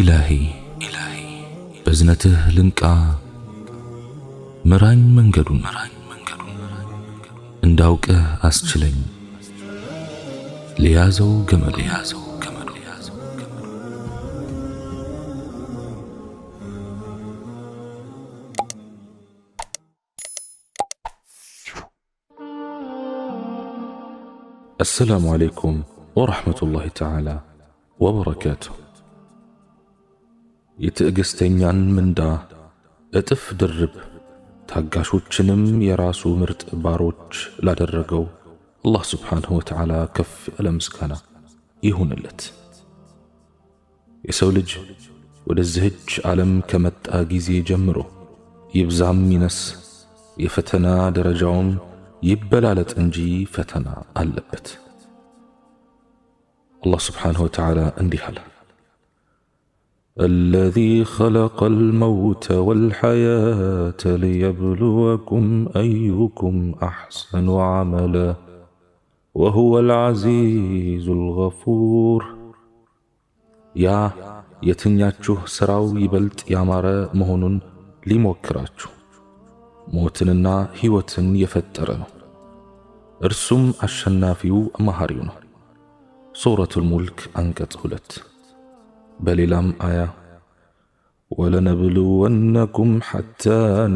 إلهي إلهي بزنته لنكا مران منجدو مران منجدو انداوك أسجلين ليازو جمل ليازو السلام عليكم ورحمه الله تعالى وبركاته የትዕግሥተኛን ምንዳ እጥፍ ድርብ ታጋሾችንም የራሱ ምርጥ ባሮች ላደረገው አላህ ስብሓንሁ ወተዓላ ከፍ ያለ ምስጋና ይሁንለት። የሰው ልጅ ወደዚህች ዓለም ከመጣ ጊዜ ጀምሮ ይብዛም ይነስ የፈተና ደረጃውም ይበላለጥ እንጂ ፈተና አለበት። አላህ ስብሓንሁ ወተዓላ እንዲህ አለ الذي خلق الموت والحياة ليبلوكم أيكم أحسن عملا وهو العزيز الغفور يا يتنياتشو سراو يبلت يا مارا مهنون لموكراتشو موتننا هيوتن يفترن ارسم عشنا فيو مهاريون سورة الملك أنكت قلت በሌላም አያ ወለነብልወነኩም ሐታ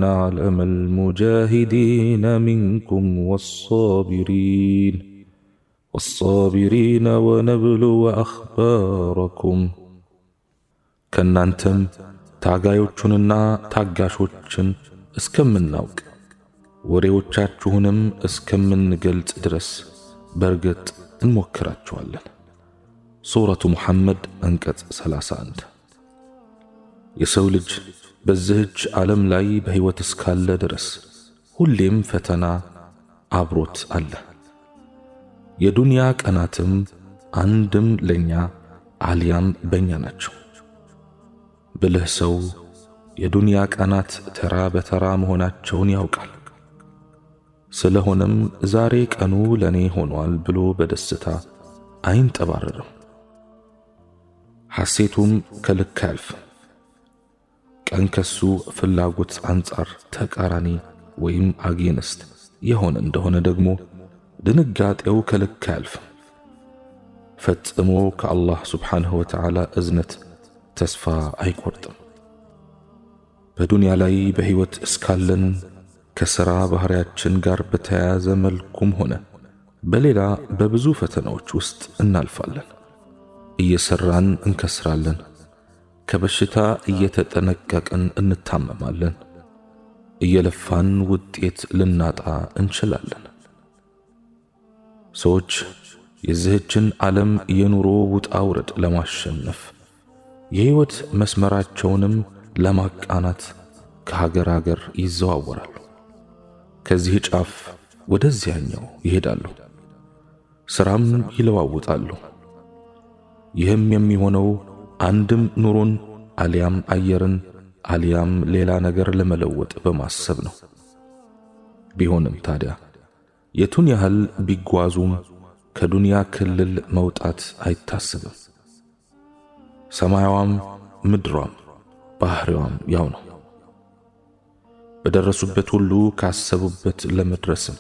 ናዕለመል ሙጃሂዲነ ሚንኩም ወሳቢሪን ወሳቢሪነ ወነብልወ አኽባረኩም ከእናንተም ታጋዮቹንና ታጋሾችን እስከምናውቅ ወሬዎቻችሁንም እስከምንገልጽ ድረስ በርግጥ እንሞክራችኋለን። ሱረቱ ሙሐመድ አንቀጽ 31 የሰው ልጅ በዚህች ዓለም ላይ በሕይወት እስካለ ድረስ ሁሌም ፈተና አብሮት አለ። የዱንያ ቀናትም አንድም ለኛ አልያም በእኛ ናቸው። ብልህ ሰው የዱንያ ቀናት ተራ በተራ መሆናቸውን ያውቃል። ስለሆነም ዛሬ ቀኑ ለኔ ሆኗል ብሎ በደስታ አይንጠባረርም። ሐሴቱም ከልክ አልፍ ቀን ከሱ ፍላጎት አንጻር ተቃራኒ ወይም አጌንስት የሆነ እንደሆነ ደግሞ ድንጋጤው ከልክ አልፍ ፈጽሞ ከአላህ ስብሓንሁ ወተዓላ እዝነት ተስፋ አይቆርጥም። በዱንያ ላይ በሕይወት እስካለን ከሥራ ባህሪያችን ጋር በተያያዘ መልኩም ሆነ በሌላ በብዙ ፈተናዎች ውስጥ እናልፋለን። እየሰራን እንከስራለን። ከበሽታ እየተጠነቀቅን እንታመማለን። እየለፋን ውጤት ልናጣ እንችላለን። ሰዎች የዚህችን ዓለም የኑሮ ውጣ ውረድ ለማሸነፍ የሕይወት መስመራቸውንም ለማቃናት ከሀገር ሀገር ይዘዋወራሉ። ከዚህ ጫፍ ወደዚያኛው ይሄዳሉ። ሥራም ይለዋውጣሉ። ይህም የሚሆነው አንድም ኑሮን አሊያም አየርን አሊያም ሌላ ነገር ለመለወጥ በማሰብ ነው። ቢሆንም ታዲያ የቱን ያህል ቢጓዙም ከዱንያ ክልል መውጣት አይታሰብም። ሰማያዋም ምድሯም ባህሪዋም ያው ነው። በደረሱበት ሁሉ ካሰቡበት ለመድረስም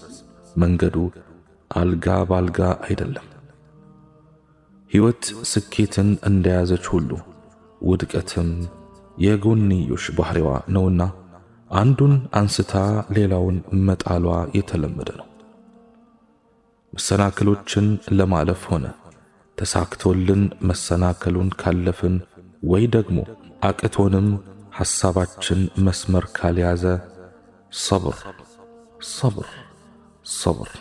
መንገዱ አልጋ ባልጋ አይደለም። ሕይወት ስኬትን እንደያዘች ሁሉ ውድቀትም የጎንዮሽ ባህሪዋ ነውና አንዱን አንስታ ሌላውን መጣሏ የተለመደ ነው። መሰናክሎችን ለማለፍ ሆነ ተሳክቶልን መሰናከሉን ካለፍን ወይ ደግሞ አቅቶንም ሐሳባችን መስመር ካልያዘ ሰብር ሰብር ሰብር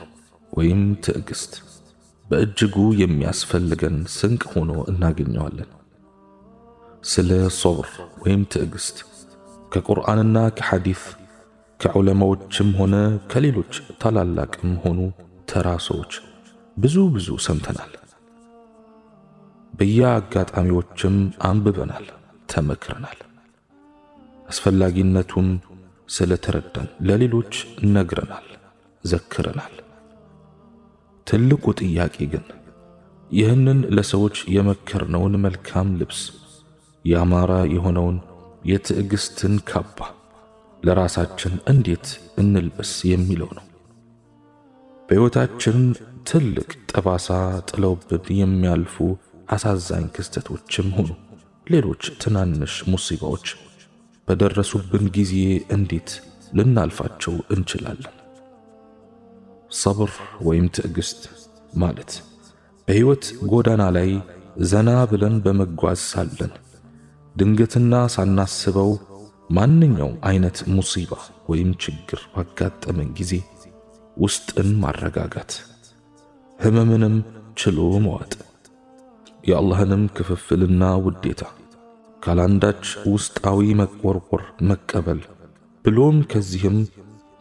ወይም ትዕግስት በእጅጉ የሚያስፈልገን ስንቅ ሆኖ እናገኘዋለን። ስለ ሶብር ወይም ትዕግስት ከቁርአንና ከሐዲስ ከዑለማዎችም ሆነ ከሌሎች ታላላቅም ሆኑ ተራ ሰዎች ብዙ ብዙ ሰምተናል። በየአጋጣሚዎችም አንብበናል፣ ተመክረናል። አስፈላጊነቱን ስለተረዳን ለሌሎች ነግረናል፣ ዘክረናል። ትልቁ ጥያቄ ግን ይህንን ለሰዎች የመከርነውን መልካም ልብስ ያማረ የሆነውን የትዕግስትን ካባ ለራሳችን እንዴት እንልበስ የሚለው ነው። በሕይወታችን ትልቅ ጠባሳ ጥለውብን የሚያልፉ አሳዛኝ ክስተቶችም ሆኑ ሌሎች ትናንሽ ሙሲባዎች በደረሱብን ጊዜ እንዴት ልናልፋቸው እንችላለን? ሰብር ወይም ትዕግስት ማለት በሕይወት ጎዳና ላይ ዘና ብለን በመጓዝ ሳለን ድንገትና ሳናስበው ማንኛውም አይነት ሙሲባ ወይም ችግር ባጋጠመን ጊዜ ውስጥን ማረጋጋት፣ ህመምንም ችሎ መዋጥ፣ የአላህንም ክፍፍልና ውዴታ ካላንዳች ውስጣዊ መቆርቆር መቀበል ብሎም ከዚህም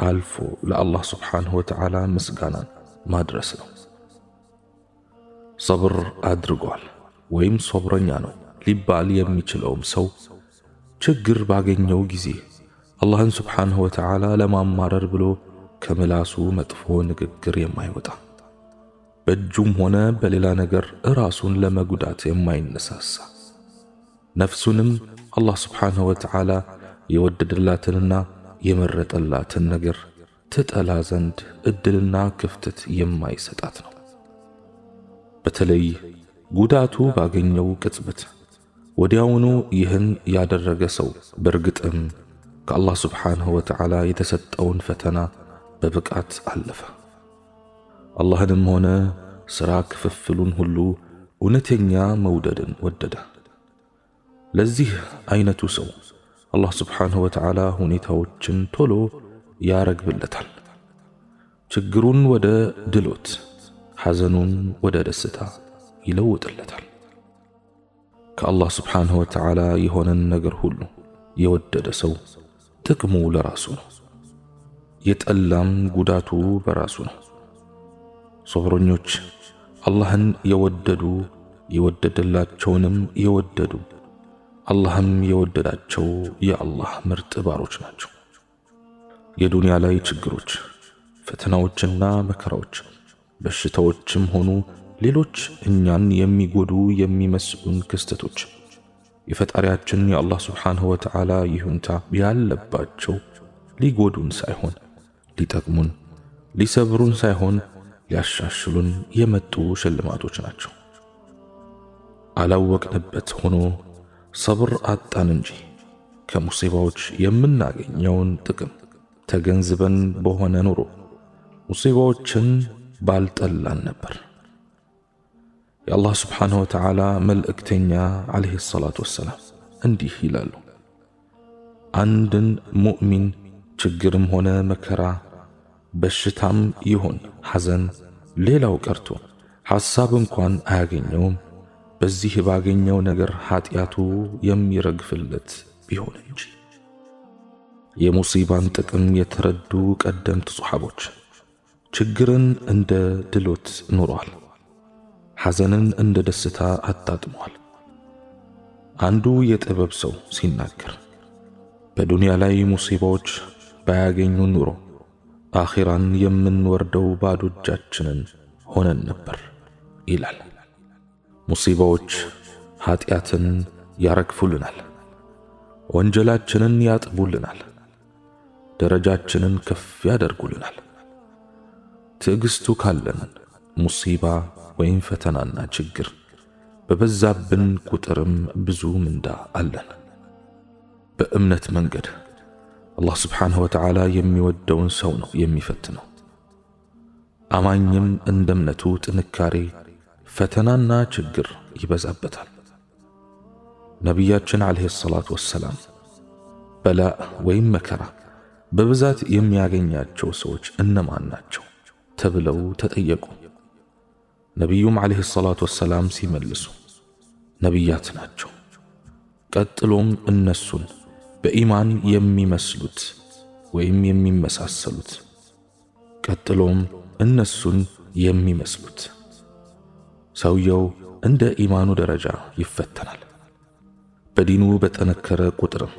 አልፎ ለአላህ ስብሓንሁ ወተዓላ ምስጋናን ማድረስ ነው። ሰብር አድርጓል ወይም ሶብረኛ ነው ሊባል የሚችለውም ሰው ችግር ባገኘው ጊዜ አላህን ስብሓንሁ ወተዓላ ለማማረር ብሎ ከምላሱ መጥፎ ንግግር የማይወጣ በእጁም ሆነ በሌላ ነገር እራሱን ለመጉዳት የማይነሳሳ ነፍሱንም አላህ ስብሓንሁ ወተዓላ የወደደላትንና የመረጠላትን ነገር ትጠላ ዘንድ እድልና ክፍተት የማይሰጣት ነው። በተለይ ጉዳቱ ባገኘው ቅጽበት ወዲያውኑ ይህን ያደረገ ሰው በእርግጥም ከአላህ ስብሓንሁ ወተዓላ የተሰጠውን ፈተና በብቃት አለፈ። አላህንም ሆነ ሥራ ክፍፍሉን ሁሉ እውነተኛ መውደድን ወደደ። ለዚህ ዐይነቱ ሰው አላህ ስብሓንሁ ወተዓላ ሁኔታዎችን ቶሎ ያረግብለታል። ችግሩን ወደ ድሎት፣ ሐዘኑን ወደ ደስታ ይለውጥለታል። ከአላህ ስብሓንሁ ወተዓላ የሆነን ነገር ሁሉ የወደደ ሰው ጥቅሙ ለራሱ ነው፣ የጠላም ጉዳቱ በራሱ ነው። ሶብረኞች አላህን የወደዱ የወደደላቸውንም የወደዱ አላህም የወደዳቸው የአላህ ምርጥ ባሮች ናቸው። የዱንያ ላይ ችግሮች፣ ፈተናዎችና መከራዎች፣ በሽታዎችም ሆኑ ሌሎች እኛን የሚጎዱ የሚመስሉን ክስተቶች የፈጣሪያችን የአላህ ስብሓንሁ ወተዓላ ይሁንታ ያለባቸው ሊጎዱን ሳይሆን ሊጠቅሙን፣ ሊሰብሩን ሳይሆን ሊያሻሽሉን የመጡ ሽልማቶች ናቸው። አላወቅንበት ሆኖ ሰብር አጣን እንጂ ከሙሲባዎች የምናገኘውን ጥቅም ተገንዝበን በሆነ ኑሮ ሙሲባዎችን ባልጠላን ነበር። የአላህ ስብሓንሁ ወተዓላ መልእክተኛ ዓለይሂ ሰላቱ ወሰላም እንዲህ ይላሉ። አንድን ሙእሚን ችግርም ሆነ መከራ፣ በሽታም ይሁን ሐዘን፣ ሌላው ቀርቶ ሐሳብ እንኳን አያገኘውም በዚህ ባገኘው ነገር ኃጢአቱ የሚረግፍለት ቢሆን እንጂ። የሙሲባን ጥቅም የተረዱ ቀደምት ሶሓቦች ችግርን እንደ ድሎት ኑሯል፣ ሐዘንን እንደ ደስታ አጣጥመዋል። አንዱ የጥበብ ሰው ሲናገር በዱንያ ላይ ሙሲባዎች ባያገኙ ኑሮ አኼራን የምንወርደው ባዶ እጃችንን ሆነን ነበር ይላል። ሙሲባዎች ኀጢአትን ያረግፉልናል፣ ወንጀላችንን ያጥቡልናል፣ ደረጃችንን ከፍ ያደርጉልናል። ትዕግስቱ ካለን ሙሲባ ወይም ፈተናና ችግር በበዛብን ቁጥርም ብዙ ምንዳ አለን። በእምነት መንገድ አላህ ስብሓንሁ ወተዓላ የሚወደውን ሰው ነው የሚፈትነው። አማኝም እንደ እምነቱ ጥንካሬ ፈተናና ችግር ይበዛበታል። ነቢያችን ዓለይሂ ሰላቱ ወሰላም በላ ወይም መከራ በብዛት የሚያገኛቸው ሰዎች እነማን ናቸው ተብለው ተጠየቁ። ነቢዩም ዓለይሂ ሰላቱ ወሰላም ሲመልሱ ነቢያት ናቸው። ቀጥሎም እነሱን በኢማን የሚመስሉት ወይም የሚመሳሰሉት፣ ቀጥሎም እነሱን የሚመስሉት ሰውየው እንደ ኢማኑ ደረጃ ይፈተናል። በዲኑ በጠነከረ ቁጥርም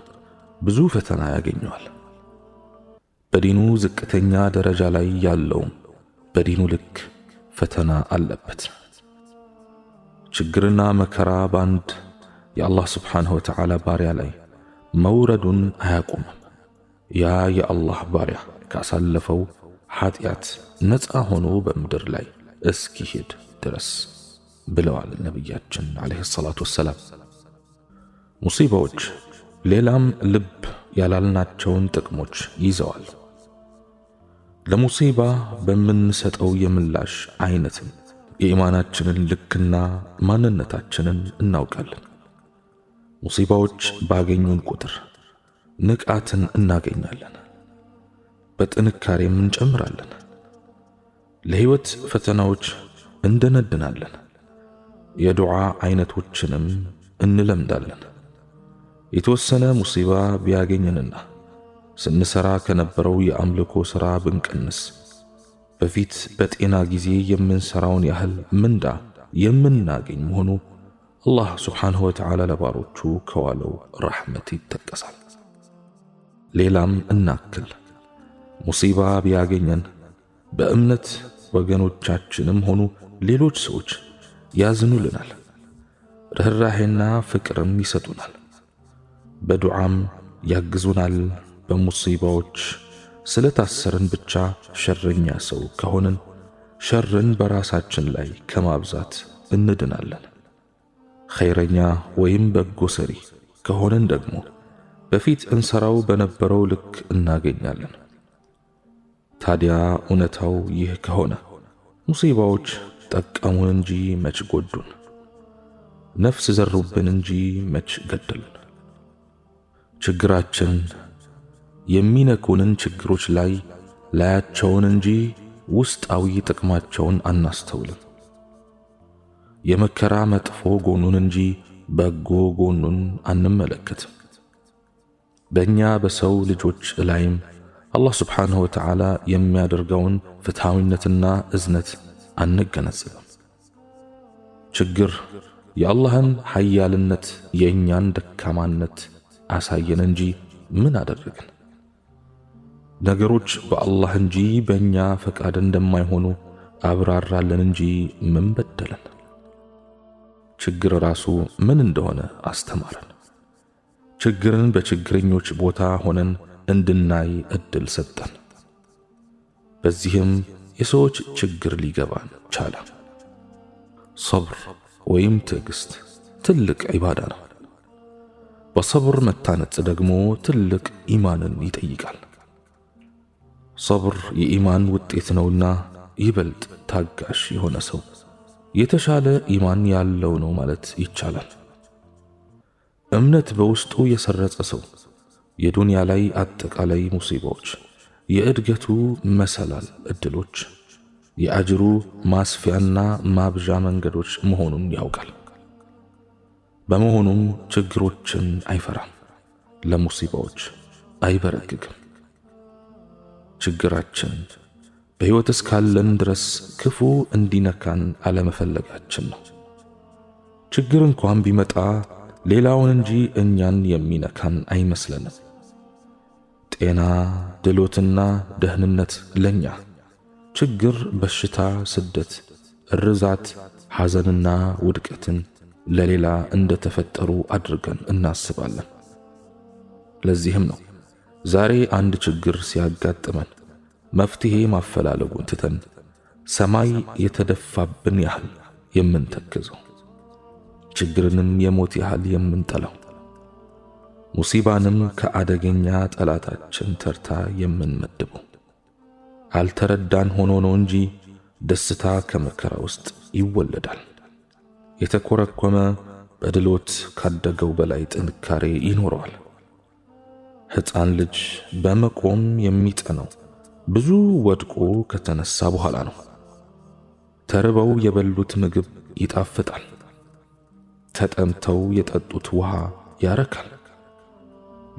ብዙ ፈተና ያገኘዋል። በዲኑ ዝቅተኛ ደረጃ ላይ ያለውም በዲኑ ልክ ፈተና አለበት። ችግርና መከራ ባንድ የአላህ ስብሓንሁ ወተዓላ ባሪያ ላይ መውረዱን አያቁምም። ያ የአላህ ባሪያ ካሳለፈው ኃጢአት ነፃ ሆኖ በምድር ላይ እስኪሄድ ድረስ ብለዋል ነቢያችን ዓለይሂ ሰላቱ ወሰላም። ሙሲባዎች ሌላም ልብ ያላልናቸውን ጥቅሞች ይዘዋል። ለሙሲባ በምንሰጠው የምላሽ አይነትም የኢማናችንን ልክና ማንነታችንን እናውቃለን። ሙሲባዎች ባገኙን ቁጥር ንቃትን እናገኛለን፣ በጥንካሬም እንጨምራለን፣ ለሕይወት ፈተናዎች እንደነድናለን። የዱዓ አይነቶችንም እንለምዳለን። የተወሰነ ሙሲባ ቢያገኘንና ስንሰራ ከነበረው የአምልኮ ሥራ ብንቀንስ በፊት በጤና ጊዜ የምንሰራውን ያህል ምንዳ የምናገኝ መሆኑ አላህ ስብሓንሁ ወተዓላ ለባሮቹ ከዋለው ረሕመት ይጠቀሳል። ሌላም እናክል ሙሲባ ቢያገኘን በእምነት ወገኖቻችንም ሆኑ ሌሎች ሰዎች ያዝኑልናል፣ ርኅራሄና ፍቅርም ይሰጡናል፣ በዱዓም ያግዙናል። በሙሲባዎች ስለ ታሰርን ብቻ ሸረኛ ሰው ከሆንን ሸርን በራሳችን ላይ ከማብዛት እንድናለን። ኸይረኛ ወይም በጎ ሰሪ ከሆንን ደግሞ በፊት እንሰራው በነበረው ልክ እናገኛለን። ታዲያ እውነታው ይህ ከሆነ ሙሲባዎች ጠቀሙን እንጂ መች ጎዱን፣ ነፍስ ዘሩብን እንጂ መች ገደሉን። ችግራችን የሚነኩንን ችግሮች ላይ ላያቸውን እንጂ ውስጣዊ ጥቅማቸውን አናስተውልም። የመከራ መጥፎ ጎኑን እንጂ በጎ ጎኑን አንመለከትም። በእኛ በሰው ልጆች ላይም አላህ ስብሓንሁ ወተዓላ የሚያደርገውን ፍትሐዊነትና እዝነት አንገነዘብም። ችግር የአላህን ኃያልነት የእኛን ደካማነት አሳየን እንጂ ምን አደረግን? ነገሮች በአላህ እንጂ በእኛ ፈቃድ እንደማይሆኑ አብራራለን እንጂ ምን በደለን? ችግር ራሱ ምን እንደሆነ አስተማረን። ችግርን በችግረኞች ቦታ ሆነን እንድናይ እድል ሰጠን። በዚህም የሰዎች ችግር ሊገባን ቻለ። ሰብር ወይም ትዕግስት ትልቅ ዒባዳ ነው። በሰብር መታነጽ ደግሞ ትልቅ ኢማንን ይጠይቃል። ሰብር የኢማን ውጤት ነውና ይበልጥ ታጋሽ የሆነ ሰው የተሻለ ኢማን ያለው ነው ማለት ይቻላል። እምነት በውስጡ የሰረጸ ሰው የዱንያ ላይ አጠቃላይ ሙሲባዎች የእድገቱ መሰላል እድሎች፣ የአጅሩ ማስፊያና ማብዣ መንገዶች መሆኑን ያውቃል። በመሆኑም ችግሮችን አይፈራም፣ ለሙሲባዎች አይበረግግም። ችግራችን በሕይወት እስካለን ድረስ ክፉ እንዲነካን አለመፈለጋችን ነው። ችግር እንኳን ቢመጣ ሌላውን እንጂ እኛን የሚነካን አይመስለንም። ጤና፣ ድሎትና ደህንነት ለኛ፣ ችግር፣ በሽታ፣ ስደት፣ እርዛት፣ ሐዘንና ውድቀትን ለሌላ እንደተፈጠሩ አድርገን እናስባለን። ለዚህም ነው ዛሬ አንድ ችግር ሲያጋጥመን መፍትሄ ማፈላለጉን ትተን ሰማይ የተደፋብን ያህል የምንተክዘው፣ ችግርንም የሞት ያህል የምንጠላው ሙሲባንም ከአደገኛ ጠላታችን ተርታ የምንመድበው አልተረዳን ሆኖ ነው እንጂ ደስታ ከመከራ ውስጥ ይወለዳል። የተኮረኮመ በድሎት ካደገው በላይ ጥንካሬ ይኖረዋል። ሕፃን ልጅ በመቆም የሚጠነው ብዙ ወድቆ ከተነሳ በኋላ ነው። ተርበው የበሉት ምግብ ይጣፍጣል፣ ተጠምተው የጠጡት ውሃ ያረካል።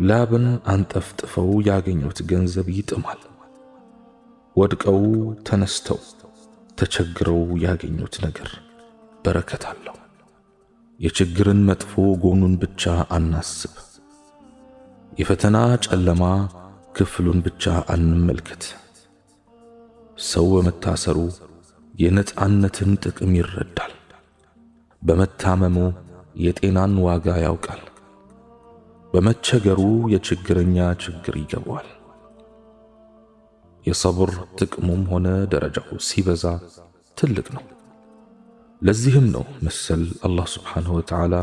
ላብን አንጠፍጥፈው ያገኙት ገንዘብ ይጥማል። ወድቀው ተነስተው ተቸግረው ያገኙት ነገር በረከት አለው። የችግርን መጥፎ ጎኑን ብቻ አናስብ። የፈተና ጨለማ ክፍሉን ብቻ አንመልከት። ሰው በመታሰሩ የነጻነትን ጥቅም ይረዳል። በመታመሙ የጤናን ዋጋ ያውቃል። በመቸገሩ የችግረኛ ችግር ይገባዋል። የሰብር ጥቅሙም ሆነ ደረጃው ሲበዛ ትልቅ ነው። ለዚህም ነው መሰል አላህ ስብሓንሁ ወተዓላ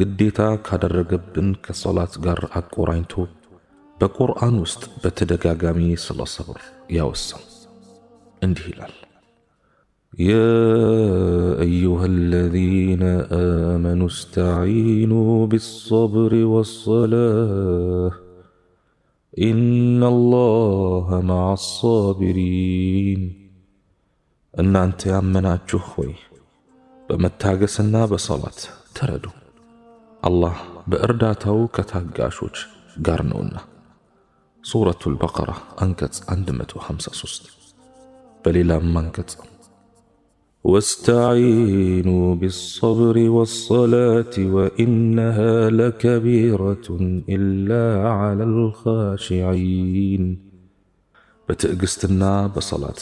ግዴታ ካደረገብን ከሰላት ጋር አቆራኝቶ በቁርአን ውስጥ በተደጋጋሚ ስለ ሰብር ያወሳው። እንዲህ ይላል يا أيها الذين آمنوا استعينوا بالصبر والصلاة إن الله مع الصابرين እናንተ ያመናችሁ ሆይ በመታገስና በሰላት ተረዱ፣ አላህ በእርዳታው ከታጋሾች ጋር ነውና። ሱረቱል በቀራ አንቀጽ 153 በሌላም አንቀጽ واستعينوا بالصبر والصلاه وانها لكبيره الا على الخاشعين بتقستنا بصلاه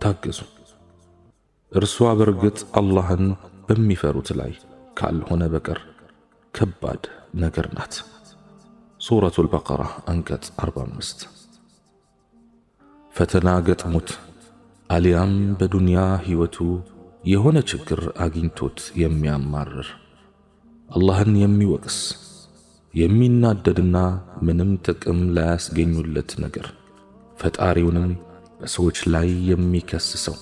تقزوا ارسوا برقة الله بمي فاروت العي قال هنا بكر كباد نقرنات سوره البقره انكت اربع مست فتناقت موت አሊያም በዱንያ ሕይወቱ የሆነ ችግር አግኝቶት የሚያማርር አላህን የሚወቅስ የሚናደድና ምንም ጥቅም ላያስገኙለት ነገር ፈጣሪውንም በሰዎች ላይ የሚከስሰው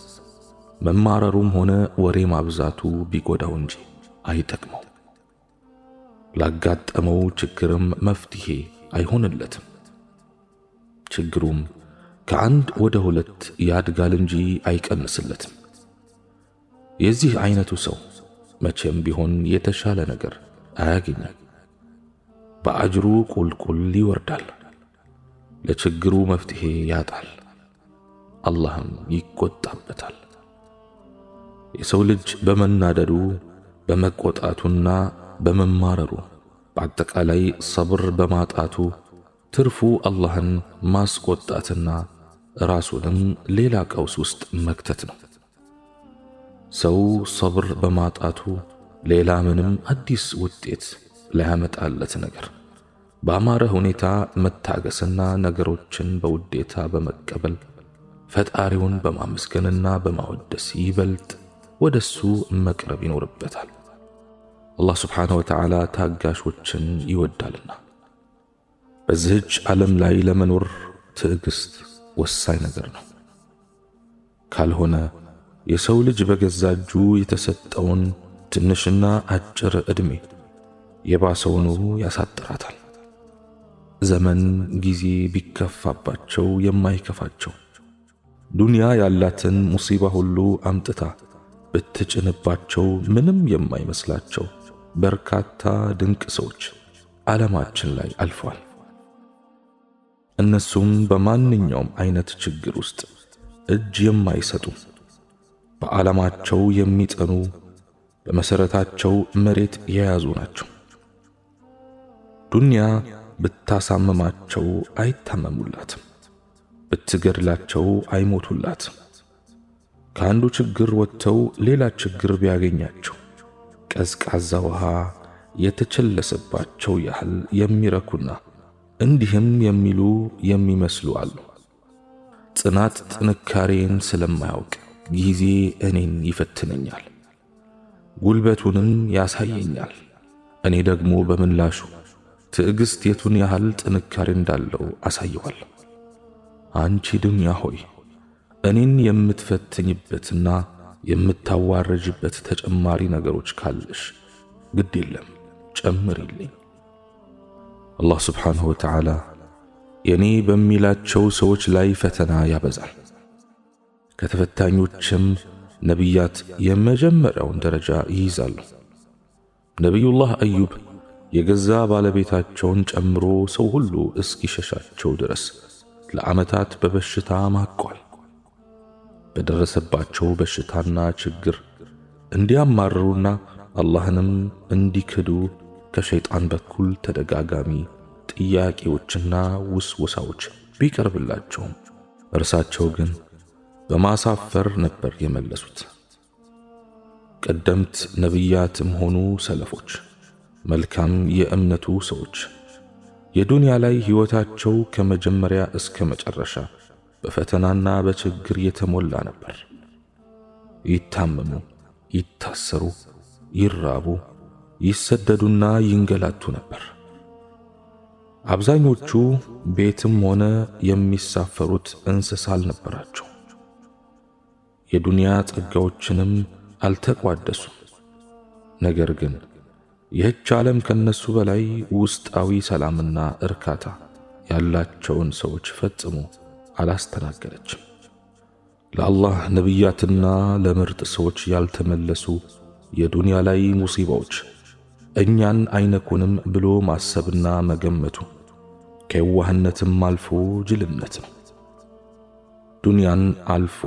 መማረሩም ሆነ ወሬ ማብዛቱ ቢጎዳው እንጂ አይጠቅመው። ላጋጠመው ችግርም መፍትሄ አይሆንለትም። ችግሩም ከአንድ ወደ ሁለት ያድጋል እንጂ አይቀንስለትም። የዚህ አይነቱ ሰው መቼም ቢሆን የተሻለ ነገር አያገኝም። በአጅሩ ቁልቁል ይወርዳል። ለችግሩ መፍትሄ ያጣል። አላህም ይቆጣበታል። የሰው ልጅ በመናደዱ በመቆጣቱና በመማረሩ በአጠቃላይ ሰብር በማጣቱ ትርፉ አላህን ማስቆጣትና ራሱንም ሌላ ቀውስ ውስጥ መክተት ነው። ሰው ሰብር በማጣቱ ሌላ ምንም አዲስ ውጤት ላያመጣለት ነገር በአማረ ሁኔታ መታገስና ነገሮችን በውዴታ በመቀበል ፈጣሪውን በማመስገንና በማወደስ ይበልጥ ወደሱ መቅረብ ይኖርበታል። አላህ ስብሓነሁ ወተዓላ ታጋሾችን ይወዳልና በዚህች ዓለም ላይ ለመኖር ትዕግስት ወሳኝ ነገር ነው። ካልሆነ የሰው ልጅ በገዛ እጁ የተሰጠውን ትንሽና አጭር ዕድሜ የባሰውኑ ያሳጥራታል። ዘመን ጊዜ ቢከፋባቸው የማይከፋቸው ዱንያ ያላትን ሙሲባ ሁሉ አምጥታ ብትጭንባቸው ምንም የማይመስላቸው በርካታ ድንቅ ሰዎች ዓለማችን ላይ አልፏል። እነሱም በማንኛውም አይነት ችግር ውስጥ እጅ የማይሰጡ በዓላማቸው የሚጠኑ በመሰረታቸው መሬት የያዙ ናቸው። ዱንያ ብታሳምማቸው አይታመሙላትም፣ ብትገድላቸው አይሞቱላትም ከአንዱ ችግር ወጥተው ሌላ ችግር ቢያገኛቸው ቀዝቃዛ ውሃ የተቸለሰባቸው ያህል የሚረኩና እንዲህም የሚሉ የሚመስሉ አሉ። ጽናት ጥንካሬን ስለማያውቅ ጊዜ እኔን ይፈትነኛል፣ ጉልበቱንም ያሳየኛል። እኔ ደግሞ በምላሹ ትዕግስት የቱን ያህል ጥንካሬ እንዳለው አሳየዋል አንቺ ድንያ ሆይ እኔን የምትፈትኝበትና የምታዋረጅበት ተጨማሪ ነገሮች ካለሽ ግድ የለም ጨምሪልኝ። አላህ ስብሓንሁ ወተዓላ የኔ በሚላቸው ሰዎች ላይ ፈተና ያበዛል። ከተፈታኞችም ነቢያት የመጀመሪያውን ደረጃ ይይዛሉ። ነቢዩላህ አዩብ የገዛ ባለቤታቸውን ጨምሮ ሰው ሁሉ እስኪሸሻቸው ድረስ ለዓመታት በበሽታ ማቋል። በደረሰባቸው በሽታና ችግር እንዲያማርሩና አላህንም እንዲክዱ ከሸይጣን በኩል ተደጋጋሚ ጥያቄዎችና ውስወሳዎች ቢቀርብላቸውም እርሳቸው ግን በማሳፈር ነበር የመለሱት። ቀደምት ነቢያትም ሆኑ ሰለፎች፣ መልካም የእምነቱ ሰዎች የዱንያ ላይ ሕይወታቸው ከመጀመሪያ እስከ መጨረሻ በፈተናና በችግር የተሞላ ነበር። ይታመሙ፣ ይታሰሩ፣ ይራቡ ይሰደዱና ይንገላቱ ነበር። አብዛኞቹ ቤትም ሆነ የሚሳፈሩት እንስሳ አልነበራቸው። የዱንያ ጸጋዎችንም አልተቋደሱም። ነገር ግን ይህች ዓለም ከነሱ በላይ ውስጣዊ ሰላምና እርካታ ያላቸውን ሰዎች ፈጽሞ አላስተናገደችም። ለአላህ ነቢያትና ለምርጥ ሰዎች ያልተመለሱ የዱንያ ላይ ሙሲባዎች እኛን አይነኩንም ብሎ ማሰብና መገመቱ ከየዋህነትም አልፎ ጅልነት ነው። ዱንያን አልፎ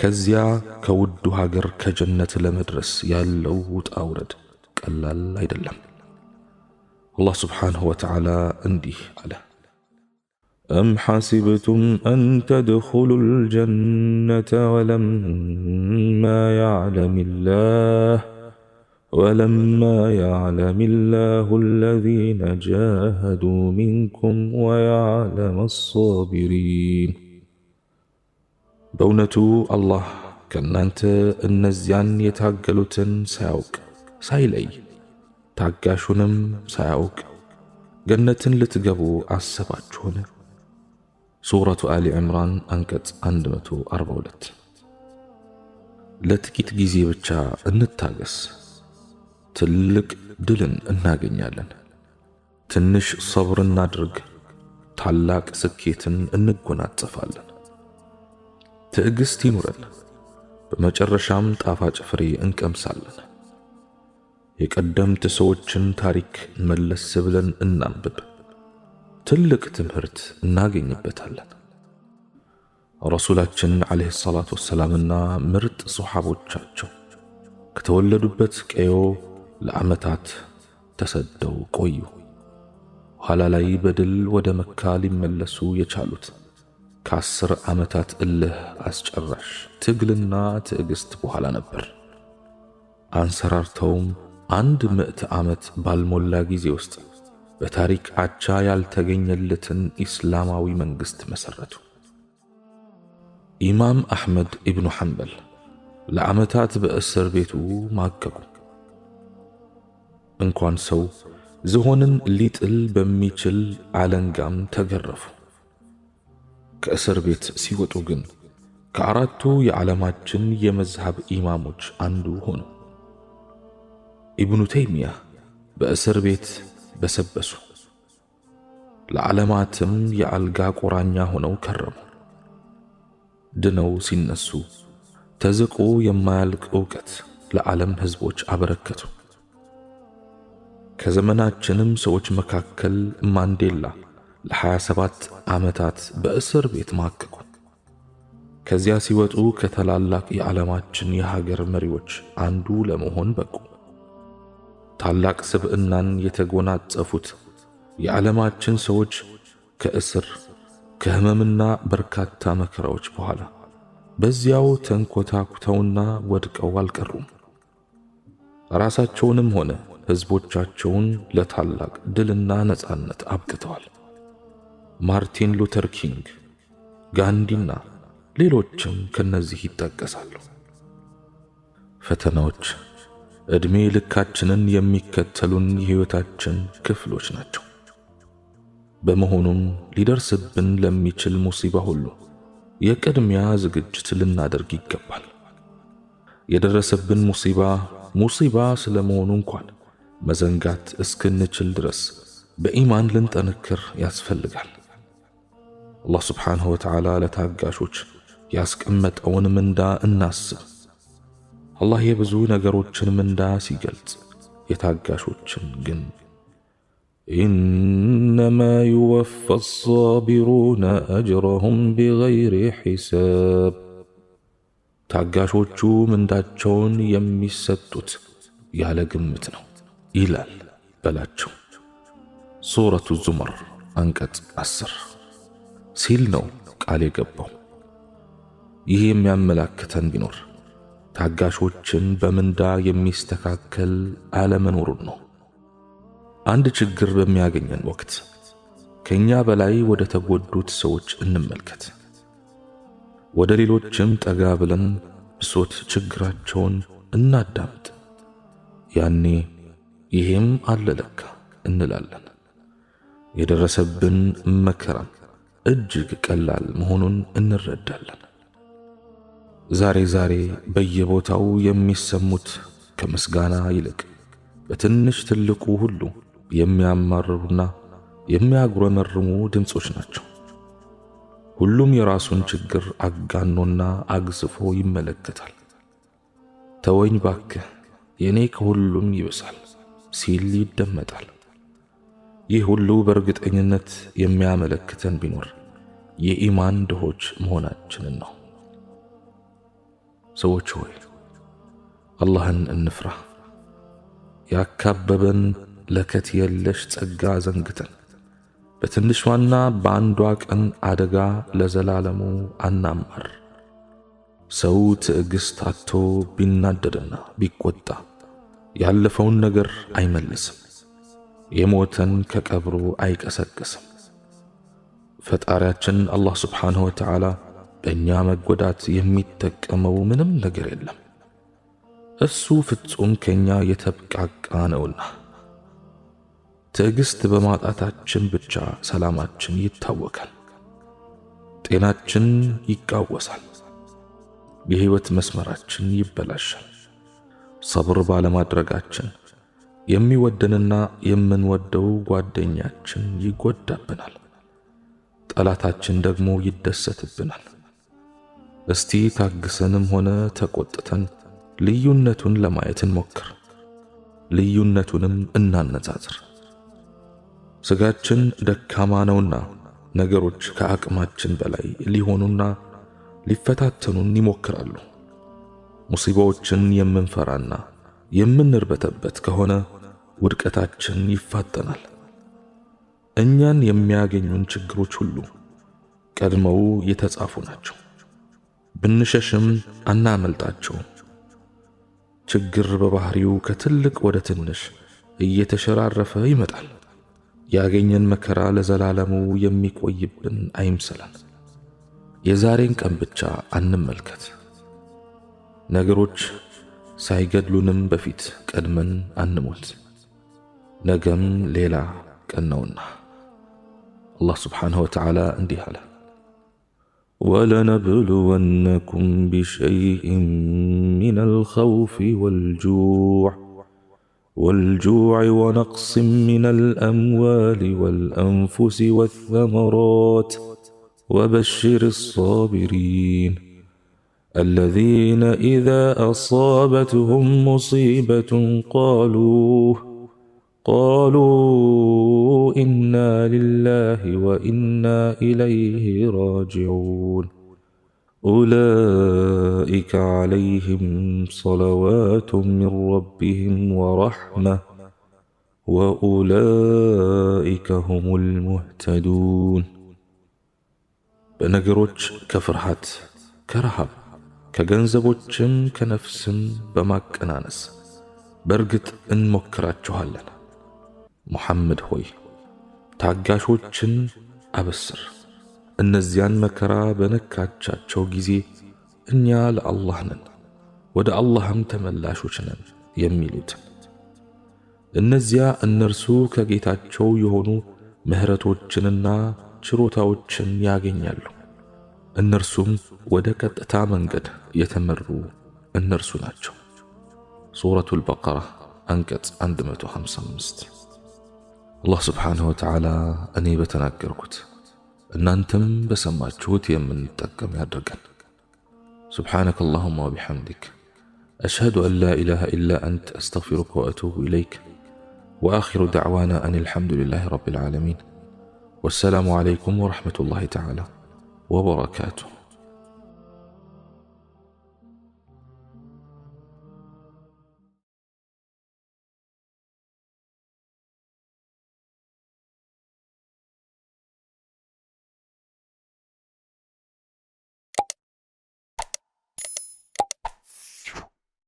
ከዚያ ከውዱ ሀገር ከጀነት ለመድረስ ያለው ውጣ ውረድ ቀላል አይደለም። አላህ ስብሓንሁ ወተዓላ እንዲህ አለ፣ أم حسبتم أن تدخلوا الجنة ولما يعلم الله ولما يعلم الله الذين جاهدوا منكم ويعلم الصابرين በእውነቱ አላህ ከእናንተ እነዚያን የታገሉትን ሳያውቅ ሳይለይ ታጋሹንም ሳያውቅ ገነትን ልትገቡ አሰባችሁን? ሱረቱ አሊ ዕምራን አንቀጽ 142 ለጥቂት ጊዜ ብቻ እንታገስ። ትልቅ ድልን እናገኛለን። ትንሽ ሰብር እናድርግ፣ ታላቅ ስኬትን እንጎናጸፋለን። ትዕግስት ይኑረን፣ በመጨረሻም ጣፋጭ ፍሬ እንቀምሳለን። የቀደምት ሰዎችን ታሪክ መለስ ብለን እናንብብ፣ ትልቅ ትምህርት እናገኝበታለን። ረሱላችን ዓለይሂ ሰላቱ ወሰላምና ምርጥ ሶሓቦቻቸው ከተወለዱበት ቀዮ ለዓመታት ተሰደው ቆዩ። ኋላ ላይ በድል ወደ መካ ሊመለሱ የቻሉት ከአስር ዓመታት እልህ አስጨራሽ ትግልና ትዕግሥት በኋላ ነበር። አንሰራርተውም አንድ ምዕት ዓመት ባልሞላ ጊዜ ውስጥ በታሪክ አቻ ያልተገኘለትን ኢስላማዊ መንግሥት መሠረቱ። ኢማም አሕመድ ኢብኑ ሐንበል ለዓመታት በእስር ቤቱ ማገጉ። እንኳን ሰው ዝሆንን ሊጥል በሚችል አለንጋም ተገረፉ። ከእስር ቤት ሲወጡ ግን ከአራቱ የዓለማችን የመዝሃብ ኢማሞች አንዱ ሆኑ። ኢብኑ ተይሚያ በእስር ቤት በሰበሱ፣ ለዓለማትም የአልጋ ቁራኛ ሆነው ከረሙ። ድነው ሲነሱ ተዝቆ የማያልቅ ዕውቀት ለዓለም ሕዝቦች አበረከቱ። ከዘመናችንም ሰዎች መካከል ማንዴላ ለ27 ዓመታት በእስር ቤት ማቀቁ። ከዚያ ሲወጡ ከታላላቅ የዓለማችን የሀገር መሪዎች አንዱ ለመሆን በቁ። ታላቅ ስብዕናን የተጎናጸፉት የዓለማችን ሰዎች ከእስር ከህመምና በርካታ መከራዎች በኋላ በዚያው ተንኮታኩተውና ወድቀው አልቀሩም። ራሳቸውንም ሆነ ሕዝቦቻቸውን ለታላቅ ድልና ነጻነት አብቅተዋል። ማርቲን ሉተር ኪንግ፣ ጋንዲና ሌሎችም ከነዚህ ይጠቀሳሉ። ፈተናዎች ዕድሜ ልካችንን የሚከተሉን የሕይወታችን ክፍሎች ናቸው። በመሆኑም ሊደርስብን ለሚችል ሙሲባ ሁሉ የቅድሚያ ዝግጅት ልናደርግ ይገባል። የደረሰብን ሙሲባ ሙሲባ ስለመሆኑ እንኳን መዘንጋት እስክንችል ድረስ በኢማን ልንጠነክር ያስፈልጋል። አላህ ስብሓንሁ ወተዓላ ለታጋሾች ያስቀመጠውን ምንዳ እናስብ። አላህ የብዙ ነገሮችን ምንዳ ሲገልጽ የታጋሾችን ግን ኢነማ ዩወፋ አሳቢሩነ አጅረሁም ቢገይሪ ሒሳብ ታጋሾቹ ምንዳቸውን የሚሰጡት ያለ ግምት ነው። ይላል በላቸው። ሱረቱ ዙመር አንቀጽ አስር ሲል ነው ቃል የገባው። ይህ የሚያመላክተን ቢኖር ታጋሾችን በምንዳ የሚስተካከል አለመኖሩን ነው። አንድ ችግር በሚያገኘን ወቅት ከኛ በላይ ወደ ተጎዱት ሰዎች እንመልከት። ወደ ሌሎችም ጠጋ ብለን ብሶት ችግራቸውን እናዳምጥ። ያኔ ይሄም አለ ለካ እንላለን። የደረሰብን መከራም እጅግ ቀላል መሆኑን እንረዳለን። ዛሬ ዛሬ በየቦታው የሚሰሙት ከምስጋና ይልቅ በትንሽ ትልቁ ሁሉ የሚያማርሩና የሚያጉረመርሙ ድምጾች ናቸው። ሁሉም የራሱን ችግር አጋኖና አግዝፎ ይመለከታል። ተወኝ ባክህ የኔ ከሁሉም ይብሳል ሲል ይደመጣል። ይህ ሁሉ በእርግጠኝነት የሚያመለክተን ቢኖር የኢማን ድሆች መሆናችንን ነው። ሰዎች ሆይ አላህን እንፍራ። ያካበበን ለከት የለሽ ጸጋ ዘንግተን በትንሿና በአንዷ ቀን አደጋ ለዘላለሙ አናማር። ሰው ትዕግሥት አጥቶ ቢናደድና ቢቆጣ ያለፈውን ነገር አይመልስም። የሞተን ከቀብሩ አይቀሰቅስም። ፈጣሪያችን አላህ ስብሓንሁ ወተዓላ በእኛ መጎዳት የሚጠቀመው ምንም ነገር የለም። እሱ ፍጹም ከኛ የተብቃቃ ነውና ትዕግስት በማጣታችን ብቻ ሰላማችን ይታወካል፣ ጤናችን ይቃወሳል፣ የሕይወት መስመራችን ይበላሻል። ሰብር ባለማድረጋችን የሚወደንና የምንወደው ጓደኛችን ይጎዳብናል፣ ጠላታችን ደግሞ ይደሰትብናል። እስቲ ታግሰንም ሆነ ተቆጥተን ልዩነቱን ለማየት እንሞክር። ልዩነቱንም እናነጻጽር። ስጋችን ደካማ ነውና ነገሮች ከአቅማችን በላይ ሊሆኑና ሊፈታተኑን ይሞክራሉ። ሙሲባዎችን የምንፈራና የምንርበተበት ከሆነ ውድቀታችን ይፋጠናል። እኛን የሚያገኙን ችግሮች ሁሉ ቀድመው የተጻፉ ናቸው። ብንሸሽም አናመልጣቸው። ችግር በባህሪው ከትልቅ ወደ ትንሽ እየተሸራረፈ ይመጣል። ያገኘን መከራ ለዘላለሙ የሚቆይብን አይምሰላል። የዛሬን ቀን ብቻ አንመልከት። ነገሮች ሳይገድሉንም በፊት ቀድመን አንሞት። ነገም ሌላ ቀን ነውና አላህ ስብሓንሁ ወተዓላ እንዲህ አለ፣ ወለነብልወነኩም ቢሸይእን ምን አልኸውፊ ወልጁዕ والجوع ونقص من الأموال والأنفس والثمرات وبشر الصابرين الذين إذا أصابتهم مصيبة قالوا قالوا إنا لله وإنا إليه راجعون أولئك عليهم صلوات من ربهم ورحمة وأولئك هم المهتدون بنقرج كفرحت كرهب ከገንዘቦችም ከነፍስም በማቀናነስ በእርግጥ እንሞክራችኋለን። ሙሐመድ ሆይ ታጋሾችን አበስር። እነዚያን መከራ በነካቻቸው ጊዜ እኛ ለአላህ ነን፣ ወደ አላህም ተመላሾች ነን የሚሉት እነዚያ እነርሱ ከጌታቸው የሆኑ ምሕረቶችንና ችሮታዎችን ያገኛሉ። እነርሱም ወደ ቀጥታ መንገድ የተመሩ እነርሱ ናቸው። ሱረቱል በቀራ አንቀጽ 155 አላህ ስብሓንሁ ወተዓላ እኔ በተናገርኩት እናንተም በሰማችሁት የምንጠቀም ያድርገን። سبحانك اللهم وبحمدك أشهد أن لا إله إلا أنت أستغفرك وأتوب إليك وآخر دعوانا أن الحمد لله رب العالمين والسلام عليكم ورحمة الله تعالى وبركاته